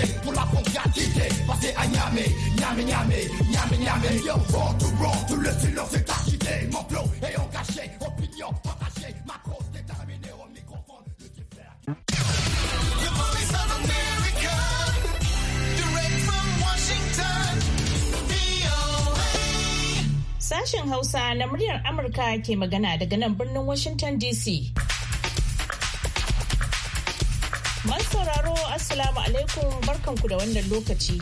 The oh, pull of America, Gatite, passé à Niamey, Niamey, Niamey, Niamey, Niamey. Yo, roll to roll, tout le agité, mon est en cachet, opinion partagée, ma cause déterminée au microphone, le Sashen Hausa na muryar Amurka ke magana daga nan birnin Washington DC. Assalamu alaikum barkanku da wannan lokaci.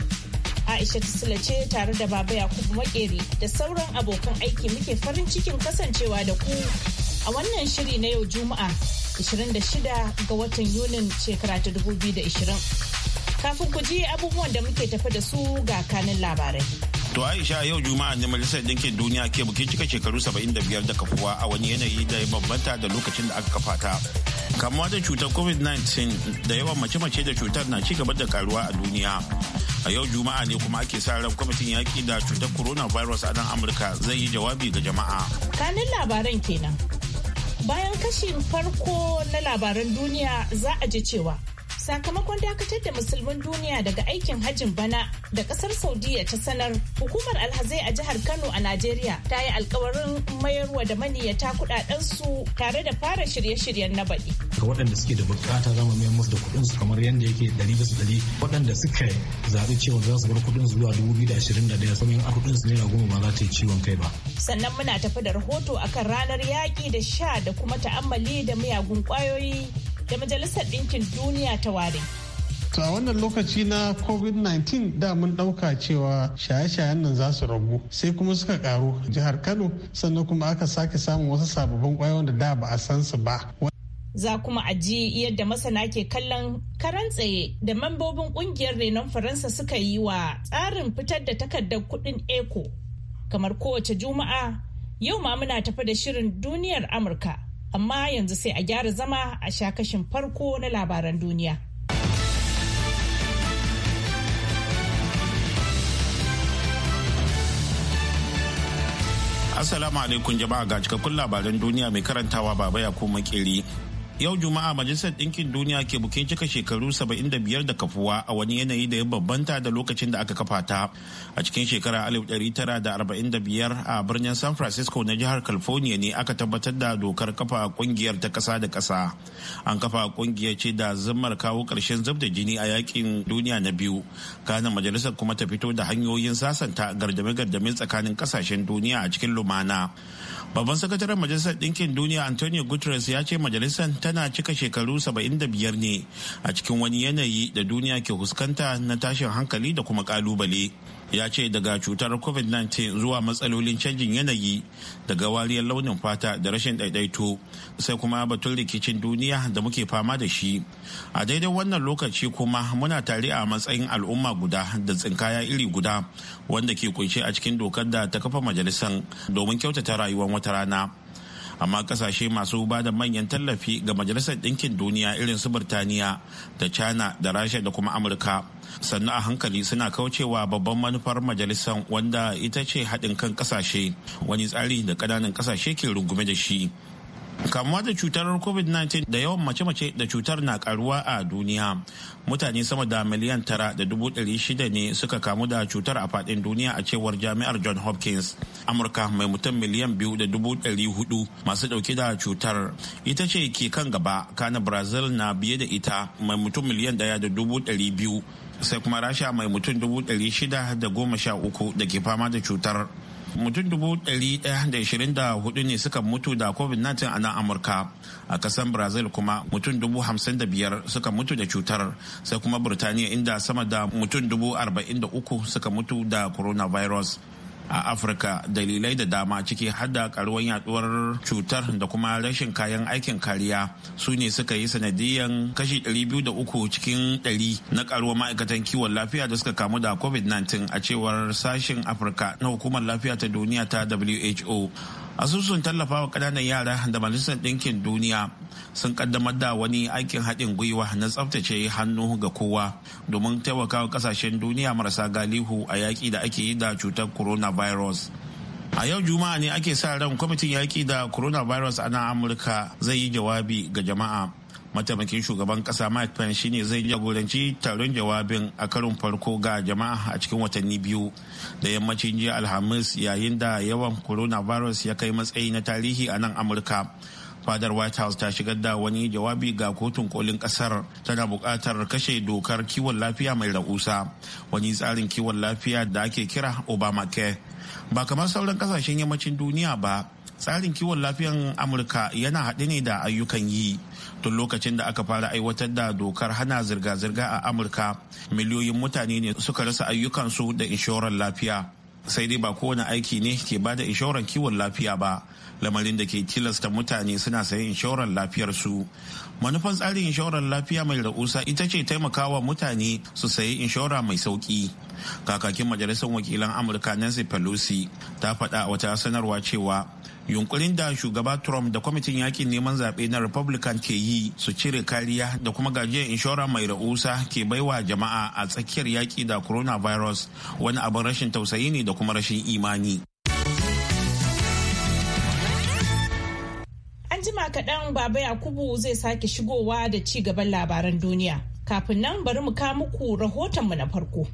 Aisha Tisila ce tare da Baba Yakubu Makeri da sauran abokan aiki muke farin cikin kasancewa da ku a wannan shiri na yau Juma'a 26 ga watan Yunin shekara ta 2020. Kafin ku ji abubuwan da muke tafi da su ga kanin labarai. To Aisha yau Juma'a ne Majalisar Dinkin Duniya ke bukin cika shekaru 75 da kafuwa a wani yanayi da ya bambanta da lokacin da aka kafa ta. kamuwa da cutar covid-19 da yawan mace-mace da cutar na ci gaba da karuwa a duniya a yau juma'a ne kuma ake sa ran kwamitin yaƙi da cutar coronavirus a nan amurka zai yi jawabi ga jama'a kanin labaran kenan bayan kashin farko na labaran duniya za a ji cewa sakamakon dakatar da musulmin duniya daga aikin hajjin bana da kasar saudiya ta sanar hukumar alhazai a jihar kano a najeriya ta yi alkawarin mayarwa da maniyyata kudaden su tare da fara shirye-shiryen na baɗi ga waɗanda suke da bukata zama mu musu da kudin su kamar yadda yake ɗari bisa dari waɗanda suka zaɓi cewa za su bar su zuwa dubu biyu da ashirin da ɗaya a kudin su naira goma ba za ta yi ciwon kai ba sannan muna tafi da rahoto akan ranar yaƙi da sha da kuma ta'ammali da miyagun kwayoyi. da Majalisar dinkin Duniya ta ware. To a wannan lokaci na COVID-19 da mun ɗauka cewa shaye-shayen nan za su ragu sai kuma suka karu jihar Kano sannan kuma aka sake samun wasu sababbin kwayoyin da da ba a san su ba. Za kuma a ji yadda masana ke kallon karan tsaye da mambobin kungiyar renon Faransa suka yi wa tsarin fitar da takardar kuɗin eco. Kamar kowace juma'a yau ma muna tafi da shirin duniyar Amurka. amma yanzu sai a gyara zama a sha kashin farko na labaran duniya. Assalamu alaikum jama'a ga cikakkun labaran duniya mai karantawa baba ya kuma yau juma'a majalisar ɗinkin duniya ke bukin cika shekaru 75 da kafuwa a wani yanayi da ya babbanta da lokacin da aka kafa ta a cikin shekara 1945 a birnin san francisco na jihar california ne aka tabbatar da dokar kafa kungiyar ta ƙasa da ƙasa an kafa kungiyar ce da zammar kawo ƙarshen zub da jini a yakin duniya na biyu kanan majalisar kuma ta fito da hanyoyin sasanta gardame-gardame tsakanin ƙasashen duniya a cikin lumana babban sakataren majalisar ɗinkin duniya antonio guterres ya ce majalisar ta tana cika shekaru 75 ne a cikin wani yanayi da duniya ke fuskanta na tashin hankali da kuma kalubale ya ce daga cutar covid-19 zuwa matsalolin canjin yanayi daga wariyar launin fata da rashin daidaito sai kuma batun rikicin duniya da muke fama da shi a daidai wannan lokaci kuma muna tare a matsayin al'umma guda da tsinkaya iri guda wanda ke kunshe a cikin dokar da ta kafa majalisan domin kyautata rayuwar wata rana amma kasashe masu ba da manyan tallafi ga majalisar ɗinkin duniya irin su birtaniya da china da rasha da kuma amurka sannu a hankali suna kaucewa babban manufar majalisar wanda ita ce haɗin kan ƙasashe wani tsari da ƙananan ƙasashe ke rungume da shi kamuwa da cutar covid-19 da yawan mace-mace da cutar na karuwa a duniya mutane sama da miliyan tara da dubu ɗari shida ne suka kamu da cutar a faɗin duniya a cewar jami'ar john hopkins amurka mai mutum miliyan biyu da dubu ɗari hudu masu ɗauke da cutar ita ce ke kan gaba kana brazil na biye da ita mai mutum miliyan ɗaya da dubu ɗari biyu sai kuma rasha mai mutum dubu ɗari shida da goma sha uku da ke fama da cutar mutum dubu ɗari ɗaya da ishirin da hudu ne suka mutu da covid-19 a nan amurka a kasan brazil kuma mutum dubu hamsin da biyar suka mutu da cutar sai kuma burtaniya inda sama da mutum dubu arba'in da uku suka mutu da coronavirus a afirka dalilai da dama ciki hada karuwan yaduwar cutar da kuma rashin kayan aikin kariya su ne suka yi sanadiyan kashi 203 cikin 100 na karuwar ma'aikatan kiwon lafiya da suka kamu da covid-19 a cewar sashen afirka na hukumar lafiya ta duniya ta who asusun tallafawa ƙananan yara da majalisar ɗinkin duniya sun kaddamar da wani aikin haɗin gwiwa na tsaftace hannu ga kowa domin taimakawa ƙasashen duniya marasa galihu a yaƙi da ake yi da cutar coronavirus a yau juma'a ne ake sa ran kwamitin yaƙi da coronavirus a nan amurka zai yi jawabi ga jama'a mataimakin shugaban kasa mike pence shine zai jagoranci taron jawabin a karin farko ga jama'a a cikin watanni biyu da yammacin jiya alhamis yayin da yawan coronavirus ya kai matsayi na tarihi a nan amurka fadar white house ta shigar da wani jawabi ga kotun kolin kasar tana buƙatar kashe dokar kiwon lafiya mai rahusa wani tsarin kiwon lafiya da ake kira obamacare ba kamar sauran kasashen yammacin duniya ba tsarin kiwon lafiyan amurka yana haɗe ne da ayyukan yi tun lokacin da aka fara aiwatar da dokar hana zirga-zirga a amurka miliyoyin mutane ne suka rasa ayyukansu da inshorar lafiya sai dai ba kowane aiki ne ke ba da inshorar kiwon lafiya ba lamarin da ke tilasta mutane suna sayan inshorar lafiyarsu manufan tsarin inshorar lafiya mai rahusa ita ce taimakawa mutane su sayi inshora mai sauki kakakin majalisar wakilan amurka nancy pelosi ta faɗa wata sanarwa cewa yunkurin da shugaba trump da kwamitin yakin neman zaɓe na republican ke yi su cire kariya da kuma gajiyar inshora mai ra'usa ke baiwa jama'a a tsakiyar yaƙi da coronavirus wani abin rashin tausayi ne da kuma rashin imani an jima kaɗan baba yakubu zai sake shigowa da ci gaban labaran duniya kafin nan bari mu kawo muku rahoton mu na farko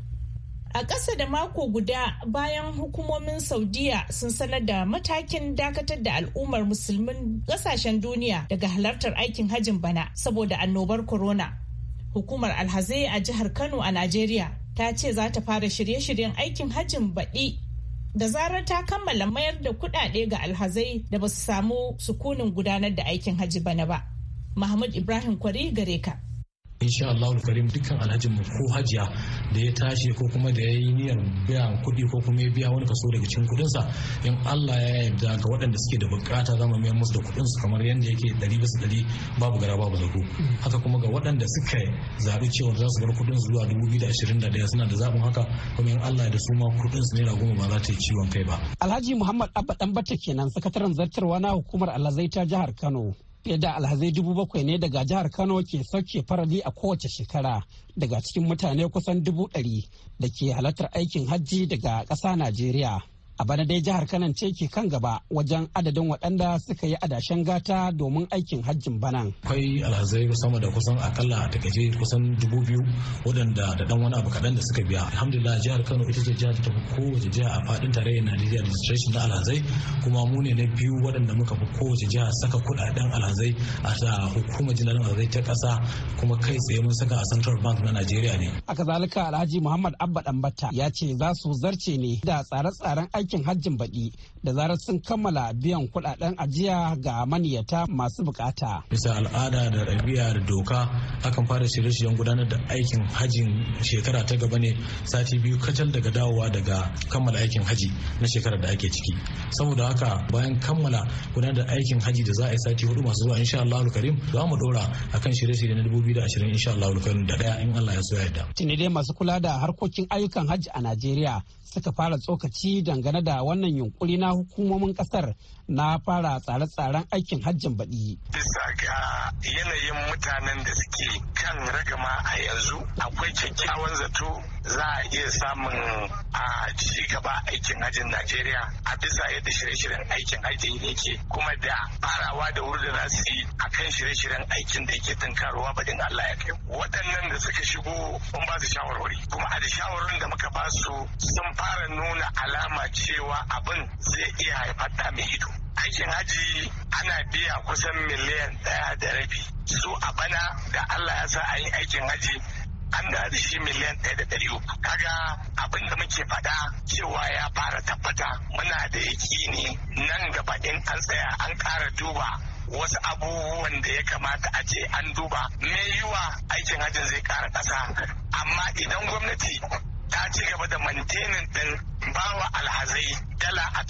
A ƙasa da mako guda bayan hukumomin Saudiya sun sanar da matakin dakatar da al'ummar musulmin ƙasashen duniya daga halartar aikin hajin bana saboda annobar corona. Hukumar alhazai a jihar Kano a Najeriya ta ce za ta fara shirye-shiryen aikin hajin baɗi da zarar ta kammala mayar da kuɗaɗe ga alhazai da ba su samu sukunin gudanar da aikin haji bana ba. Mahmud Ibrahim Kwari gare ka. insha Allah Karim dukkan alhajin mu ko hajiya da ya tashi ko kuma da ya yi niyyar biyan kuɗi ko kuma ya biya wani kaso daga cikin kuɗin sa in Allah ya yarda ga waɗanda suke da bukata za mu mayar musu da kuɗin su kamar yadda yake ɗari bisa ɗari babu gara babu zago haka kuma ga waɗanda suka zaɓi cewa za su bar kuɗin su zuwa dubu biyu da ashirin da ɗaya suna da zaɓin haka kuma in Allah da su ma kuɗin su naira goma ba za ta yi ciwon kai ba. Alhaji Muhammad Abba Ɗanbata kenan sakataren zartarwa na hukumar ta jihar Kano. fiye da alhazai dubu bakwai ne daga jihar kano ke sauke farali a kowace shekara daga cikin mutane kusan dubu ɗari da ke halartar aikin hajji daga ƙasa najeriya a bana dai jihar kanan ce ke kan gaba wajen adadin waɗanda suka yi adashen gata domin aikin hajjin bana akwai alhazai sama da kusan akalla a takaice kusan dubu biyu waɗanda da ɗan wani abu kaɗan da suka biya alhamdulillah jihar kano ita ce jihar ta kowace jiha a faɗin tarayyar najeriya administration na alhazai kuma mu ne na biyu waɗanda muka fi kowace jiha saka kuɗaɗen alhazai a hukumar jinarin alhazai ta ƙasa kuma kai tsaye mun saka a central bank na najeriya ne. haka zalika alhaji muhammad abba ɗanbata ya ce za su zarce ne da tsare-tsaren aiki aikin hajjin baɗi da zarar sun kammala biyan kuɗaɗen ajiya ga maniyata masu bukata. Bisa al'ada da ɗabi'a da doka akan fara shirye-shiryen gudanar da aikin hajjin shekara ta gaba ne sati biyu kacal daga dawowa daga kammala aikin haji na shekarar da ake ciki. Saboda haka bayan kammala gudanar da aikin haji da za a yi sati hudu masu zuwa insha Allah karim za mu ɗora akan shirye-shirye na 2020 insha Allah karim da ɗaya in Allah ya so ya yarda. Tuni dai masu kula da harkokin ayyukan hajji a Najeriya suka fara tsokaci dangane da wannan yunkuri na hukumomin kasar na fara tsare-tsaren aikin hajjin baɗi. Bisa ga yanayin mutanen da suke kan ragama a yanzu akwai kyakkyawan zato za a iya samun a ci gaba aikin hajjin Najeriya a bisa yadda shirye-shiryen aikin hajjin yake kuma da farawa da wuri da na su yi a kan shirye-shiryen aikin da yake tunkarowa badin Allah ya kai. Waɗannan da suka shigo mun ba su shawarwari kuma a da shawarwarin da muka ba su sun fara nuna alama cewa abin zai iya haifar da mai ido. aikin haji ana biya kusan miliyan ɗaya da rabi su a bana da allah ya sa a yi aikin haji an da shi miliyan ɗaya da ɗari uku kaga abin da muke faɗa cewa ya fara tabbata muna da yakini nan gaba in an tsaya an ƙara duba wasu abubuwan da ya kamata a ce an duba mai yiwa aikin hajjin zai kara ƙasa amma idan gwamnati ta ci gaba da mantenin din bawa alhazai dala a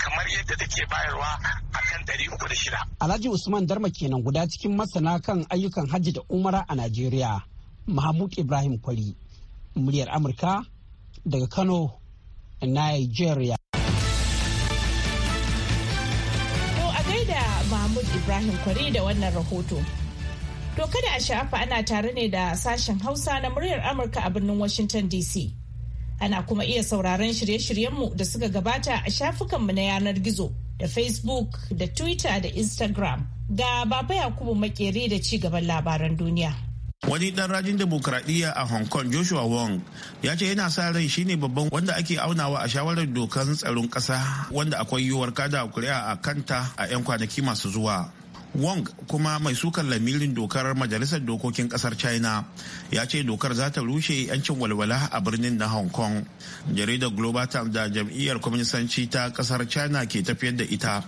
kamar yadda take bayarwa a kan ɗari uku da shida. Alhaji Usman Darma kenan guda cikin masana kan ayyukan hajji da umara a Najeriya. Mahmud Ibrahim Kwari, muryar Amurka daga Kano, Nigeria. To a gaida Mahmud Ibrahim Kwari da wannan rahoto. To kada a sha'afa ana tare ne da sashen Hausa na muryar Amurka a birnin Washington DC. Ana kuma iya sauraron shirye-shiryenmu da suka gabata a shafukanmu na yanar gizo da Facebook da Twitter da Instagram ga Baba Yakubu Makere da ci gaban labaran duniya. wani ɗan rajin demokradiyya a hong kong joshua wong ya ce yana sa rai shine babban wanda ake aunawa a shawarar dokan tsaron ƙasa wanda akwai yiwuwar kada kuri'a a kanta a 'yan kwanaki masu zuwa Wong kuma mai sukan lamirin dokar Majalisar Dokokin Kasar China ya ce dokar za ta rushe 'yancin walwala a birnin na Hong Kong. Jaridar Global Times da jam'iyyar kwaminisanci ta kasar China ke tafiyar da ita.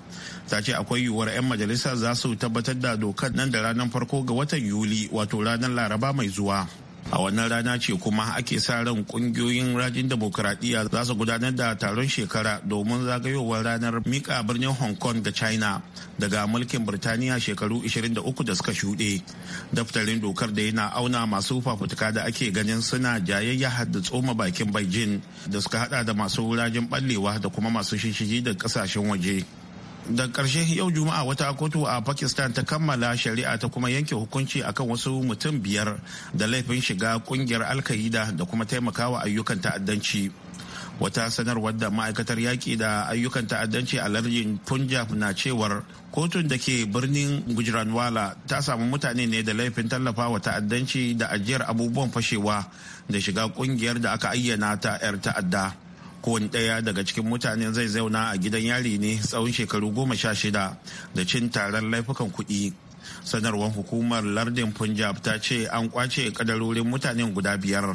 Ta ce akwai yiwuwar 'yan majalisa za su tabbatar da dokar nan da ranar farko ga watan Yuli wato ranar Laraba mai zuwa. a wannan rana ce kuma ake sa ran kungiyoyin rajin demokuraɗiyya za su gudanar da taron shekara domin zagayowar ranar mika birnin hong kong da china daga mulkin birtaniya shekaru 23 da suka shuɗe daftarin dokar da yana auna masu fafutuka da ake ganin suna jayayya da tsoma bakin beijing da suka hada da masu rajin ballewa da kuma masu shishigi da kasashen waje da ƙarshe yau juma'a wata kotu a pakistan ta kammala shari'a ta kuma yanke hukunci akan wasu mutum biyar da laifin shiga kungiyar alkaida da kuma taimakawa ayyukan ta'addanci wata sanarwar da ma'aikatar yaƙi da ayyukan ta'addanci a lardin punjab na cewar kotun da ke birnin gujranwala ta samu mutane ne da laifin tallafa wa ta'addanci da ajiyar abubuwan fashewa da shiga kungiyar da aka ayyana ta 'yar ta'adda kowane ɗaya daga cikin mutane zai zauna a gidan yari ne tsawon shekaru goma sha shida da cin taron laifukan kuɗi sanarwar hukumar lardin punjab ta ce an kwace kadarorin mutanen guda biyar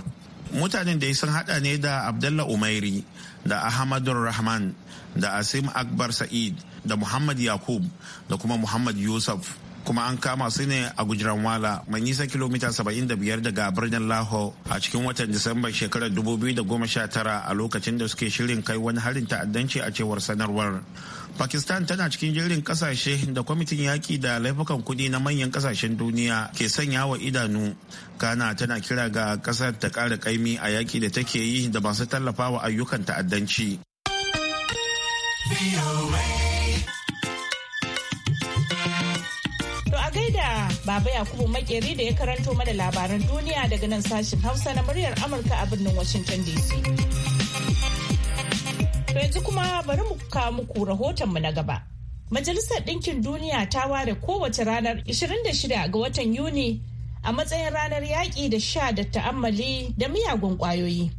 mutanen da sun hada ne da abdullah umairi da Ahmadu rahman da asim akbar sa'id da muhammad yakub da kuma muhammad yusuf kuma an kama su ne a wala mai nisan kilomita 75 daga birnin laho a cikin watan disambar shekarar 2019 a lokacin da suke shirin kai wani harin ta'addanci a cewar sanarwar. Pakistan tana cikin jerin kasashe da kwamitin yaƙi da laifukan kuɗi na manyan kasashen duniya ke sanya wa idanu. Ghana tana kira ga ƙasar ta kara kaimi a yaƙi da take yi da masu tallafawa ayyukan ta'addanci. Baba Yakubu Makeri da ya karanto mana labaran duniya daga nan sashin Hausa na muryar Amurka a birnin Washington DC. yanzu kuma bari mu kawo muku rahotonmu na gaba. Majalisar Ɗinkin Duniya ta ware kowace ranar 26 ga watan Yuni a matsayin ranar yaƙi da sha da ta'ammali da miyagun ƙwayoyi.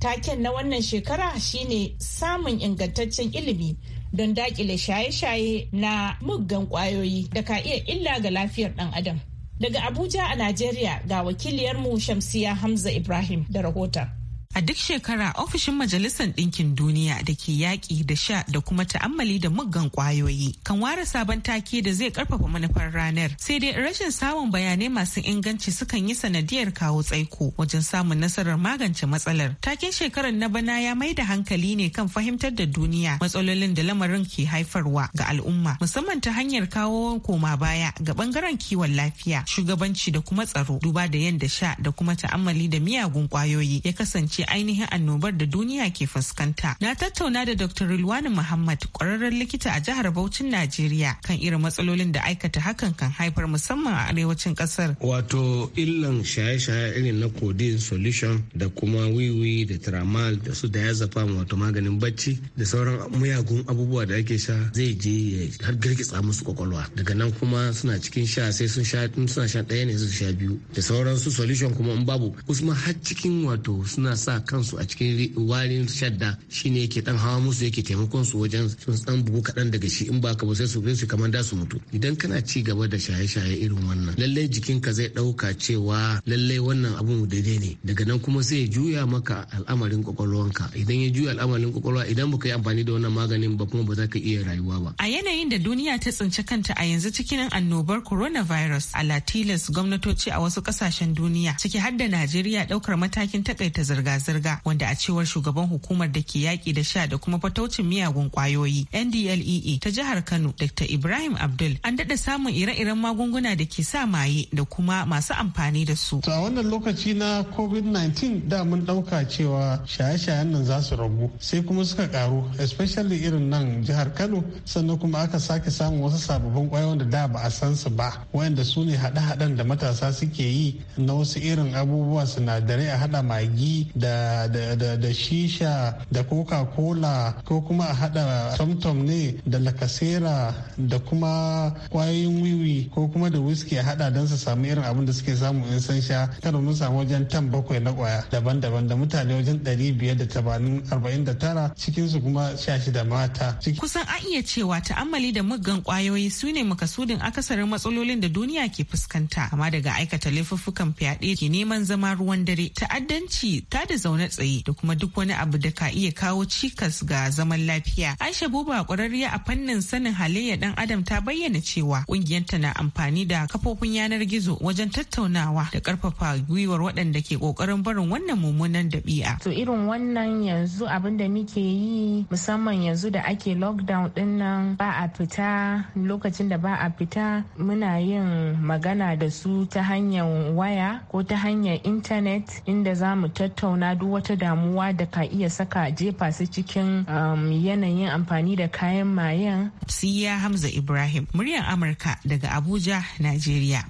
Taken na wannan shekara shine samun ingantaccen ilimi don dakile shaye-shaye na muggan kwayoyi da ka iya illa ga lafiyar ɗan adam. Daga Abuja a Najeriya ga wakiliyarmu Shamsiya Hamza Ibrahim da rahoton. A duk shekara ofishin Majalisar Ɗinkin Duniya da ke yaƙi da sha da kuma ta'ammali da muggan ƙwayoyi kan ware sabon take da zai ƙarfafa manufar ranar. Sai dai rashin samun bayanai masu inganci sukan yi sanadiyar kawo tsaiko wajen samun nasarar magance matsalar. Taken shekarar na bana ya mai da hankali ne kan fahimtar da duniya matsalolin da lamarin ke haifarwa ga al'umma musamman ta hanyar kawo koma baya ga bangaren kiwon lafiya, shugabanci da kuma tsaro duba da yadda sha da kuma ta'ammali da miyagun ƙwayoyi ya kasance ce ainihin annobar da duniya ke fuskanta. Na tattauna da Dr. Rilwani Muhammad kwararren likita a jihar Bauchin Najeriya kan irin matsalolin da aikata hakan kan haifar musamman a arewacin kasar. Wato illan shaye-shaye irin na codeine solution da kuma wiwi da tramal da su da ya wato maganin bacci da sauran muyagun abubuwa da ake sha zai je har girgitsa musu kwakwalwa daga nan kuma suna cikin sha sai sun sha suna sha ɗaya ne su sha biyu da sauran su solution kuma in babu wasu ma har cikin wato suna sa sa kansu a cikin warin shadda shine yake dan hawa musu yake taimakon su wajen sun san bugu kaɗan daga shi in ba ka ba sai su su kamar da su mutu idan kana ci gaba da shaye-shaye irin wannan lallai jikinka zai ɗauka cewa lallai wannan abun daidai ne daga nan kuma sai ya juya maka al'amarin kwakwalwanka idan ya juya al'amarin kwakwalwa idan baka yi amfani da wannan maganin ba kuma ba za ka iya rayuwa ba a yanayin da duniya ta tsinci kanta a yanzu cikin annobar coronavirus a latilas gwamnatoci a wasu kasashen duniya ciki har da najeriya ɗaukar matakin takaita zirga zirga wanda a cewar shugaban hukumar da ke yaƙi da sha da kuma fataucin miyagun ƙwayoyi NDLEA e, ta jihar Kano Dr. Ibrahim Abdul an daɗa samun ire-iren magunguna da ke sa maye da kuma masu amfani da su. A wannan lokaci na COVID-19 da mun ɗauka cewa shaye-shayen nan za su rabu sai kuma suka ƙaru especially irin nan jihar Kano sannan kuma aka sake samun wasu sababbin ƙwayoyin da da ba a san su ba wayanda su ne haɗe-haɗen da matasa suke yi na wasu irin abubuwa sinadarai a haɗa magi da da, da, da, shisha da coca-cola ko kuma a hada tomtom ne da lakasera da kuma kwayoyin wiwi ko kuma da whisky a hada don su samu irin abin da suke samu in san sha kada mun samu wajen tan bakwai na kwaya daban-daban da mutane wajen ɗari biyar da tabanin arba'in da tara cikinsu kuma sha shida mata. Kusan an iya cewa ta'ammali da muggan kwayoyi su ne makasudin akasarin matsalolin da duniya ke fuskanta amma daga aikata laifuffukan fyaɗe ke neman zama ruwan dare ta'addanci ta da zaune tsaye da kuma duk wani abu da ka iya kawo cikas ga zaman lafiya. Aisha Buba ƙwararriya a fannin sanin halayyar dan Adam ta bayyana cewa ƙungiyarta na amfani da kafofin yanar gizo wajen tattaunawa da ƙarfafa gwiwar waɗanda ke ƙoƙarin barin wannan mummunan dabi'a. To irin wannan yanzu abin da muke yi musamman yanzu da ake lockdown ɗin nan ba a fita lokacin da ba a fita muna yin magana da su ta hanyar waya ko ta hanyar intanet inda za mu tattauna na wata damuwa da ka iya saka jefa su cikin um, yanayin amfani da kayan mayen. Siya Hamza Ibrahim, muryar Amurka daga Abuja, Najeriya.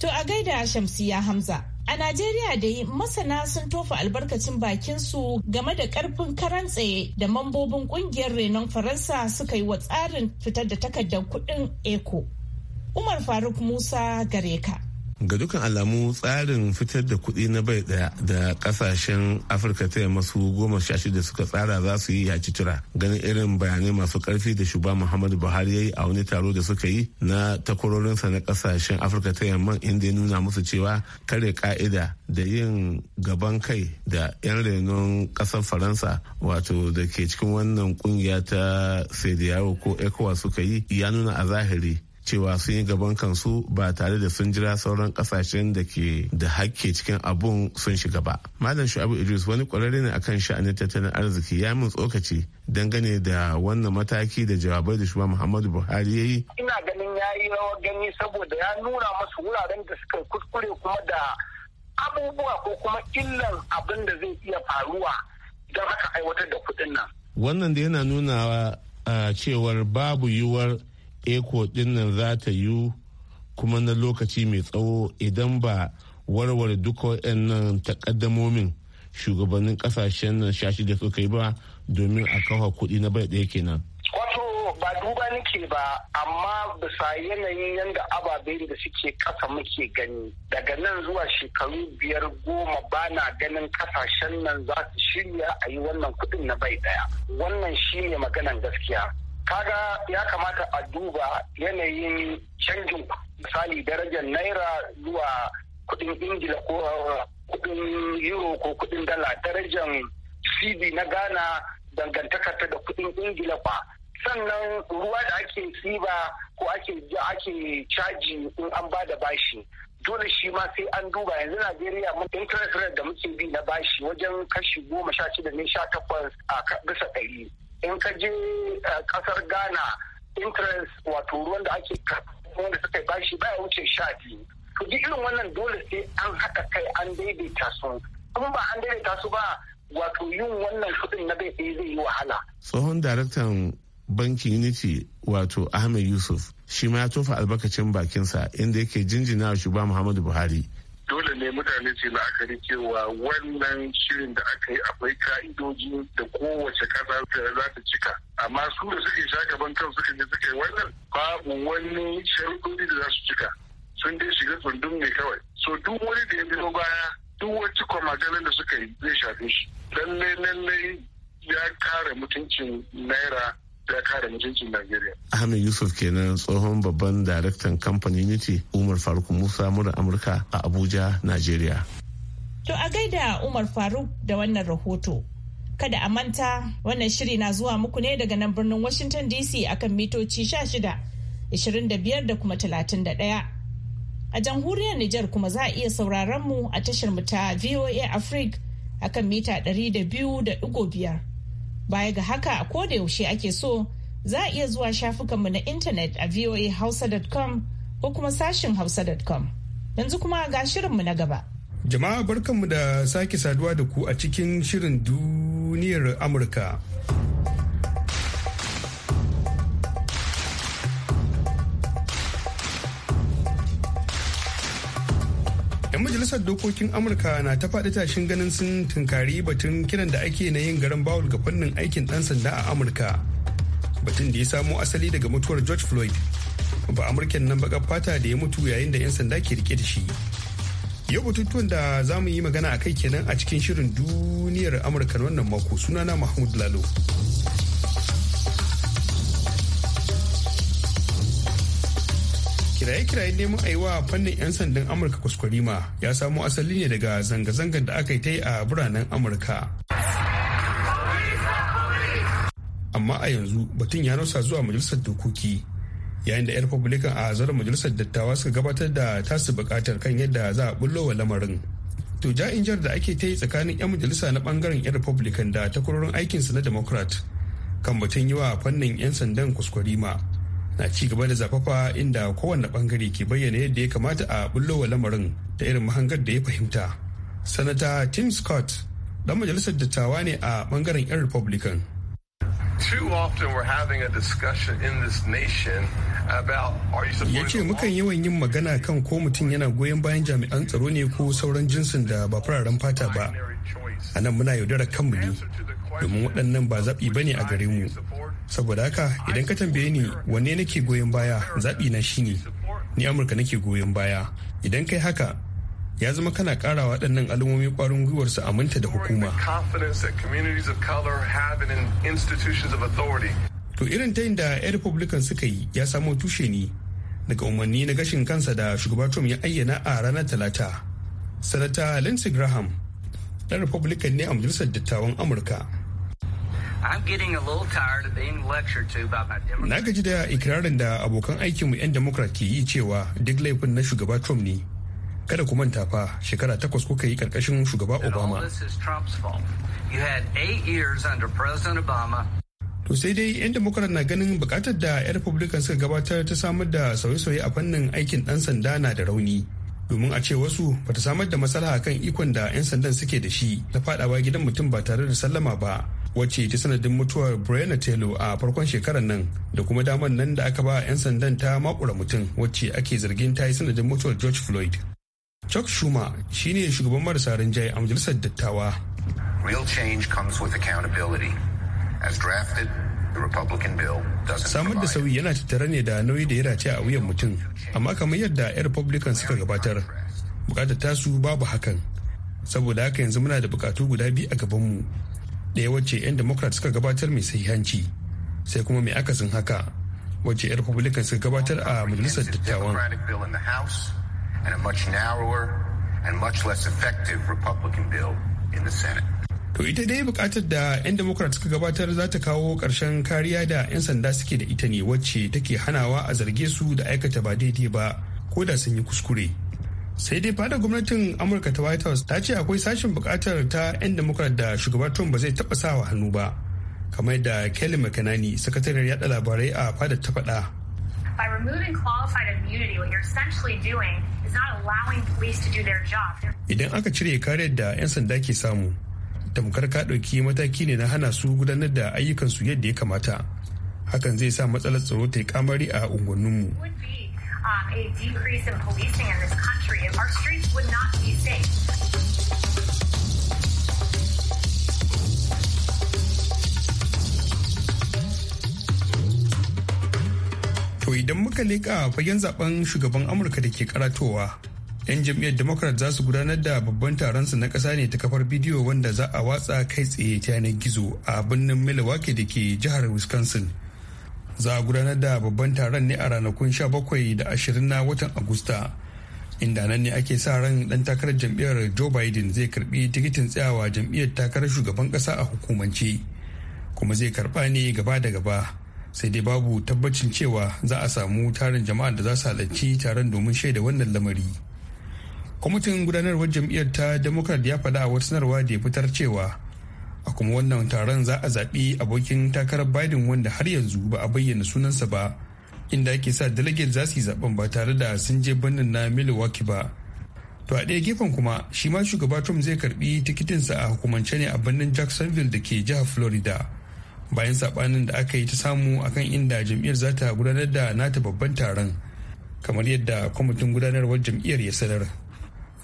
To a gaida Shamsiya Hamza. A Najeriya dai masana sun tofa albarkacin bakin su game da karfin karantse da mambobin kungiyar renon Faransa suka yi wa tsarin fitar da takardar kudin eco. Umar Faruk Musa Gareka. ga dukkan alamu tsarin fitar da kuɗi na bai daya da kasashen afirka ta yamma su goma sha shida suka tsara za su yi ya ci tura ganin irin bayanai masu karfi da shugaba muhammadu buhari ya yi a wani taro da suka yi na takwarorinsa na kasashen afirka ta yamma inda ya nuna musu cewa kare ka'ida da yin gaban kai da 'yan renon kasar faransa wato da ke cikin wannan kungiya ta sediyawo ko ecowas suka yi ya nuna a zahiri cewa sun yi gaban kansu ba tare da sun jira sauran kasashen da ke da hakke cikin abun sun shiga ba. Malam Shu'abu Idris wani kwararre ne akan sha'anin tattalin arziki ya min tsokaci dangane da wannan mataki da jawabai da shugaban Muhammadu Buhari ya yi. Ina ganin ya yi rawar gani saboda ya nuna masu wuraren da suka kuskure kuma da abubuwa ko kuma illan abin da zai iya faruwa idan aka aiwatar da kuɗin nan. Wannan da yana nuna ah, cewar babu yiwuwar eco nan za ta yi kuma na lokaci mai tsawo idan ba warware duka nan takaddamomin shugabannin kasashen nan shashi da suka yi ba domin a kawo kuɗi na bai ɗaya kenan. Wato ba duba nake ba amma bisa yanayin yadda ababen da suke ƙasa muke gani daga nan zuwa shekaru biyar goma ba na ganin kasashen nan za su shirya a yi wannan kuɗin na bai ɗaya. Wannan shi ne maganan gaskiya. kaga ya kamata a duba yanayin canjin misali darajar naira zuwa kudin ingila ko uh, kudin euro ko kudin dala darajar cd na ghana dangantaka ta da kudin ingila ba sannan ruwa da ake tsiba ko ake caji in an ba da bashi dole shi ma sai an duba yanzu najeriya mun interest rate da muke bi na bashi wajen kashi goma sha shida ne sha takwas a bisa ɗari in ka je kasar ghana interest wato ruwan da ake da suka bashi baya wuce sha biyu to duk irin wannan dole sai an haɗa kai an daidaita su kuma ba an daidaita su ba wato yin wannan kuɗin na bai ɗaya zai yi wahala. tsohon daraktan bankin unity wato ahmed yusuf shi ma ya tofa albarkacin bakinsa inda yake jinjina shugaba muhammadu buhari dole ne mutane su la'akari cewa wannan shirin da aka yi akwai ka'idoji da kowace kasa za ta cika amma su da suke sha gaban kan suka je suka yi wannan babu wani sharuɗoɗi da za su cika sun dai shiga tsundun ne kawai so duk wani da ya biyo baya duk wacce kwamagalan da suka yi zai shafe shi lallai lallai ya kare mutuncin naira ya Najeriya. Ahmed Yusuf kenan tsohon babban daraktan kamfanin Unity Umar Faruk Musa mura Amurka a Abuja, Najeriya. To a gaida Umar Faruk da wannan rahoto. Kada a manta wannan shiri na zuwa muku ne daga nan birnin Washington DC akan mitoci 16, da kuma 31. A jamhuriyar Nijar kuma za a iya sauraron mu a tashar mu ta VOA Africa akan mita 200.5. Baya ga haka a koda yaushe ake so za a iya zuwa shafukanmu na intanet a voahausa.com ko kuma sashin hausa.com. Yanzu kuma ga shirinmu na gaba. Jama'a barkanmu da sake saduwa da ku a cikin shirin duniyar Amurka. 'Yan majalisar dokokin Amurka na ta faɗi tashin ganin sun tunkari batun kiran da ake na yin garan bawul ga fannin aikin ɗan sanda a Amurka. Batun da ya samo asali daga mutuwar George Floyd. Ba Amurken nan baƙar fata da ya mutu yayin da 'yan sanda ke rike da shi. Yau batutuwan da za mu yi magana a kai kenan a cikin shirin duniyar Amurka wannan mako sunana Mahmud Lalo. kiraye-kirayen neman aiwa fannin 'yan sandan amurka kuskurima ya samo asali ne daga zanga-zangar da aka yi ta yi a biranen amurka amma a yanzu batun ya nausa zuwa majalisar dokoki yayin da 'yan republican a zara majalisar dattawa suka gabatar da tasu bukatar kan yadda za a bullo wa lamarin to ja'in jar da ake ta yi tsakanin 'yan majalisa na bangaren 'yan republican da takwarorin aikinsu na democrat kan batun yi wa fannin 'yan sandan kuskurima na ci gaba da zafafa inda kowane bangare ke bayyana yadda ya kamata a bullo wa lamarin da irin mahangar da ya fahimta sanata tim scott dan majalisar dattawa ne a bangaren 'yan republican ya ce mukan yawan yin magana kan ko mutum yana goyon bayan jami'an tsaro ne ko sauran jinsin da ba fararen fata ba a nan muna yaudarar kanmu ne domin waɗannan ba zaɓi ba ne a gare mu saboda haka idan ka tambaye ni wanne nake goyon baya zaɓi na shi ne ni amurka nake goyon baya idan kai haka ya zama kana ƙara waɗannan al'ummomi ƙwarin gwiwar su aminta da hukuma to irin ta da 'yan republican suka yi ya samo tushe ni daga umarni na gashin kansa da shugaba trump ya ayyana a ranar talata sanata lindsey graham ɗan republican ne a majalisar dattawan amurka Na gaji da ikirarin da abokan aikinmu 'yan Democrat ke yi cewa duk laifin na shugaba Trump ne. Kada ku manta fa shekara takwas kuka yi karkashin shugaba Obama. To sai dai 'yan Democrat na ganin bukatar da 'yan Republican suka gabatar ta samar da sauye-sauye a fannin aikin ɗan sanda na da rauni. domin a ce wasu bata samar da matsala kan ikon da 'yan sandan suke da shi na fadawa gidan mutum ba tare da sallama ba wacce ta sanadin mutuwar Brianna Taylor a farkon shekarar nan da kuma damar nan da aka ba 'yan sandan ta makura mutum wacce ake zargin ta yi sanadin mutuwar George Floyd. Chuck Schumer shine shugaban marasa rinjaye a majalisar dattawa. Real change comes with accountability. As drafted, Samar da sauyi yana tattare ne da nauyi da ya ce a wuyan mutum, amma kamar yadda 'yan Republican suka gabatar, bukatar tasu babu hakan. Saboda haka yanzu muna da bukatu guda biyu a gabanmu. ɗaya wace 'yan democrat suka gabatar mai sahihanci sai kuma mai akasin haka wacce 'yan republican suka gabatar a majalisar dattawan to ita dai bukatar da 'yan democrat suka gabatar za ta kawo ƙarshen kariya da 'yan sanda suke da ita ne wacce take hanawa a zarge su da aikata ba daidai ba ko da sun yi kuskure. sai dai fada gwamnatin amurka ta white house ta ce akwai sashen bukatar ta 'yan democrat da shugaban trump ba zai taba sawa hannu ba kamar da kelly mccanani sakatariyar yada labarai a fadar ta faɗa By removing qualified immunity, job. Idan aka cire kariyar da 'yan sanda ke samu, tamkar ka ɗauki mataki ne na hana su gudanar da ayyukansu yadda ya kamata. Hakan zai sa matsalar tsaro ta yi kamari a unguwanninmu. um, not be safe. To idan muka leƙa fagen zaben shugaban Amurka da ke karatowa, 'yan jam'iyyar Democrat za su gudanar da babban taronsu na ƙasa ne ta kafar bidiyo wanda za a watsa kai tsaye ta yanar gizo a birnin Milwaukee da ke jihar Wisconsin. za a gudanar da babban taron ne a ranakun 17 da 20 na watan agusta inda nan ne ake sa ran dan takarar jam'iyyar joe biden zai karbi tikitin tsayawa jam'iyyar takarar shugaban kasa a hukumance kuma zai karba ne gaba da gaba sai dai babu tabbacin cewa za a samu tarin jama'a da za su halarci taron domin shaida wannan lamari kwamitin gudanarwar jam'iyyar ta democrat ya faɗa a wata sanarwa da ya fitar cewa a kuma wannan taron za a zaɓi abokin takarar biden wanda har yanzu ba a bayyana sunansa ba inda ake sa delegate za su yi zaben ba tare da sun je birnin na milwaukee ba to a ɗaya gefen kuma shi ma shugaba trump zai karbi tikitinsa a hukumance ne a birnin jacksonville da ke jihar florida bayan saɓanin da aka yi ta samu akan inda jam'iyyar za ta gudanar da nata babban taron kamar yadda kwamitin gudanarwar jam'iyyar ya sanar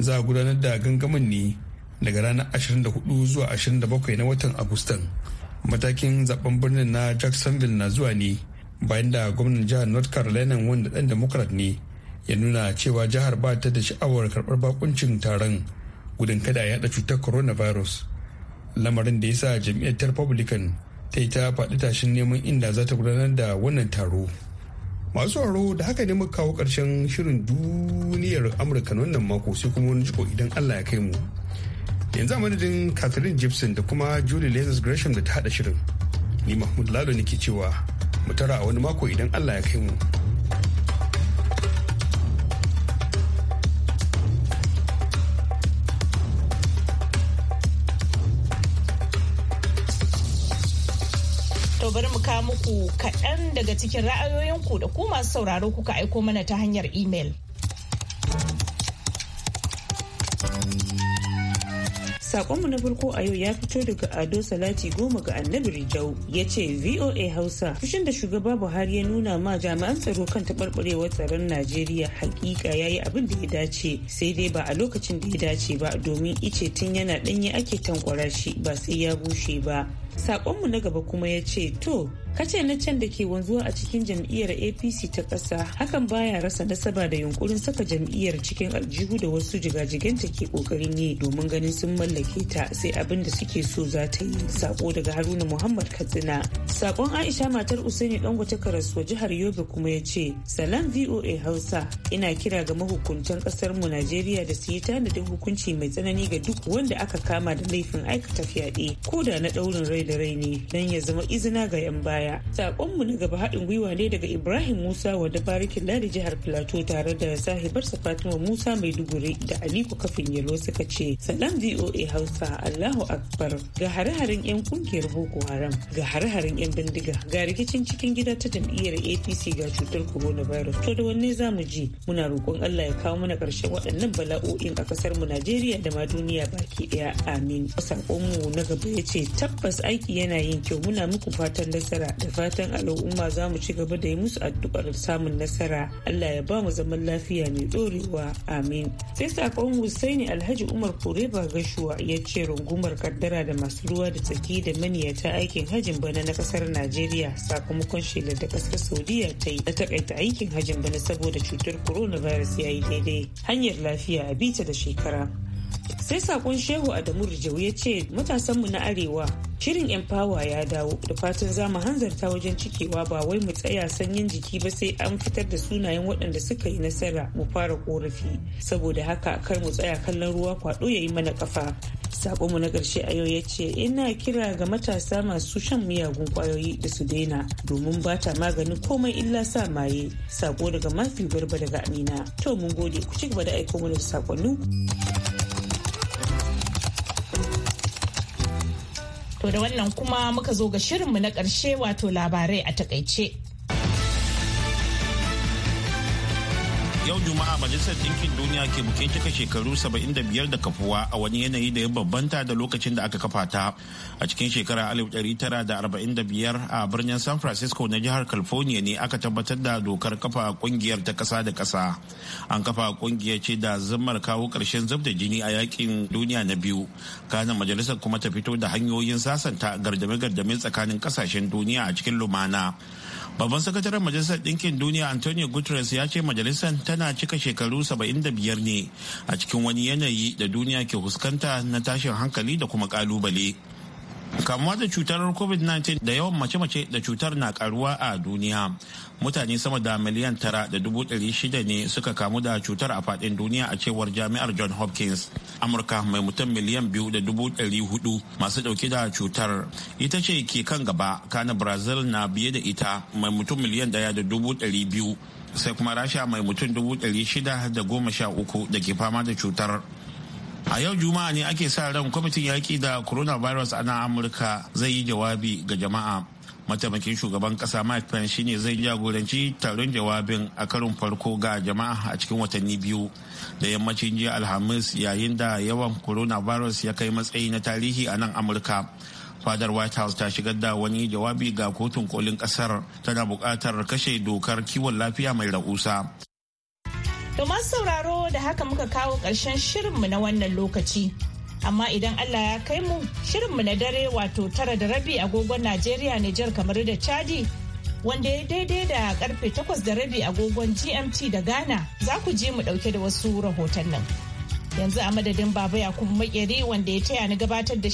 za a gudanar da gangamin ne daga ranar 24 zuwa 27 na watan agustan matakin zaben birnin na jacksonville na zuwa ne bayan da gwamnan jihar north carolina wanda dan democrat ne ya nuna cewa jihar ba ta da sha'awar karbar bakuncin taron gudun kada ya cutar coronavirus lamarin da ya sa jam'iyyar republican ta yi ta faɗi tashin neman inda za ta gudanar da wannan taro masu tsaro da haka ne muka kawo ƙarshen shirin duniyar amurka wannan mako sai kuma wani jiko idan allah ya kai mu yanzu a madadin catherine gibson da kuma julie lazarus gresham da ta hada shirin ni mahmud lalo ne cewa mutara a wani mako idan allah ya kai mu To bari mu ka muku kaɗan daga cikin ra'ayoyinku da ku masu sauraro kuka aiko mana ta hanyar imel. Sakonmu na farko a yau ya fito daga Ado Salati goma ga Annabi Rijau ya ce VOA Hausa fushin da shugaba Buhari ya nuna ma jami'an tsaro kan taɓarɓarewar tsaron Najeriya hakika ya yi abin da ya dace sai dai ba a lokacin da ya dace ba domin ice tun yana ɗanye ake tankwara shi ba sai ya bushe ba. Sakonmu na gaba kuma ya ce, To, kace na can da ke wanzuwa a cikin jam'iyyar apc ta ƙasa hakan baya rasa nasaba da yunkurin saka jam'iyyar cikin aljihu da wasu jigajiganta ke ƙoƙarin yi domin ganin sun mallake ta sai abin da suke so za ta yi saƙo daga haruna muhammad katsina saƙon aisha matar usaini dangote karasuwa jihar yobe kuma ya ce salam voa hausa ina kira ga mahukuntan ƙasar mu najeriya da su yi tanadin hukunci mai tsanani ga duk wanda aka kama da laifin aikata fyaɗe ko da na ɗaurin rai da da raini don ya zama izina ga 'yan baya. Sakonmu na gaba haɗin gwiwa ne daga Ibrahim Musa wanda barikin ladi jihar Filato tare da sahibarsa Fatima Musa Maiduguri da Aliko Kafin Yalo suka ce, Salam VOA Hausa Allahu Akbar ga hare-haren 'yan kungiyar Boko Haram ga hare-haren 'yan bindiga ga rikicin cikin gida ta jam'iyyar APC ga cutar corona coronavirus. To da wanne za mu ji muna roƙon Allah ya kawo mana ƙarshen waɗannan bala'o'in a ƙasar mu Najeriya da ma duniya baki ɗaya. Amin. Sakonmu na gaba ya ce tabbas aiki yana yin kyau muna muku fatan nasara da fatan al'umma za mu ci gaba da yi musu addu'ar samun nasara allah ya ba mu zaman lafiya mai dorewa amin sai sakon husaini alhaji umar kureba gashuwa ya ce rungumar kaddara da masu ruwa da tsaki da maniyata aikin hajin bana na kasar najeriya sakamakon shelar da kasar saudiya ta yi ta takaita aikin hajin bana saboda cutar coronavirus ya yi daidai hanyar lafiya a bita da shekara sai sakon shehu adamu rijau ya ce matasanmu na arewa shirin empower ya dawo da fatan za mu hanzarta wajen cikewa ba wai mu tsaya sanyin jiki ba sai an fitar da sunayen waɗanda suka yi nasara mu fara korafi saboda haka kar mu tsaya kallon ruwa kwaɗo ya yi mana kafa sakonmu na ƙarshe a yau ya ce ina kira ga matasa masu shan miyagun kwayoyi da su daina domin ba ta maganin komai illa sa maye sako daga mafi garba daga amina to mun gode ku ci gaba da aiko mana da sakonni. To da wannan kuma muka zo ga shirinmu na ƙarshe wato labarai a takaice. yau juma'a majalisar dinkin duniya ke bikin cika shekaru 75 da kafuwa a wani yanayi da ya babbanta da lokacin da aka kafa ta a cikin shekara 1945 a birnin san francisco na jihar california ne aka tabbatar da dokar kafa kungiyar ta ƙasa da ƙasa an kafa kungiyar ce da zammar kawo ƙarshen zub da jini a yakin duniya na biyu kanan majalisar kuma ta fito da hanyoyin sasanta gardame-gardame tsakanin ƙasashen duniya a cikin lumana Babban sakataren Majalisar Dinkin Duniya Antonio Guterres ya ce majalisar tana cika shekaru 75 ne a cikin wani yanayi da duniya ke fuskanta na tashin hankali da kuma kalubale. kamuwa da cutar covid-19 da yawan mace-mace da cutar na karuwa a duniya mutane sama da miliyan tara da dubu ɗari shida ne suka kamu da cutar a faɗin duniya a cewar jami'ar john hopkins amurka mai mutum miliyan biyu da dubu ɗari hudu masu ɗauke da cutar ita ce ke kan gaba kana brazil na biye da ita mai mutum miliyan ɗaya da dubu ɗari biyu sai kuma rasha mai mutum dubu ɗari shida da goma sha uku da ke fama da cutar a yau juma'a ne ake sa ran kwamitin yaƙi da coronavirus a nan amurka zai yi jawabi ga jama'a mataimakin shugaban ƙasa, mike pence shine zai jagoranci taron jawabin a karin farko ga jama'a a cikin watanni biyu da yammacin jiya alhamis yayin da yawan coronavirus ya kai matsayi na tarihi a nan amurka fadar white house ta shigar da wani jawabi ga kotun kolin kasar tana buƙatar kashe dokar kiwon lafiya mai rahusa To sauraro da haka muka kawo ƙarshen shirinmu na wannan lokaci. Amma idan Allah ya kai mu shirinmu na dare wato tara da rabi agogon Najeriya Nijar kamar da Chadi wanda ya daidai da karfe takwas da rabi agogon GMT da Ghana za ku je mu ɗauke da wasu rahoton nan Yanzu a madadin Baba kuma Makeri wanda ya taya ni gabatar da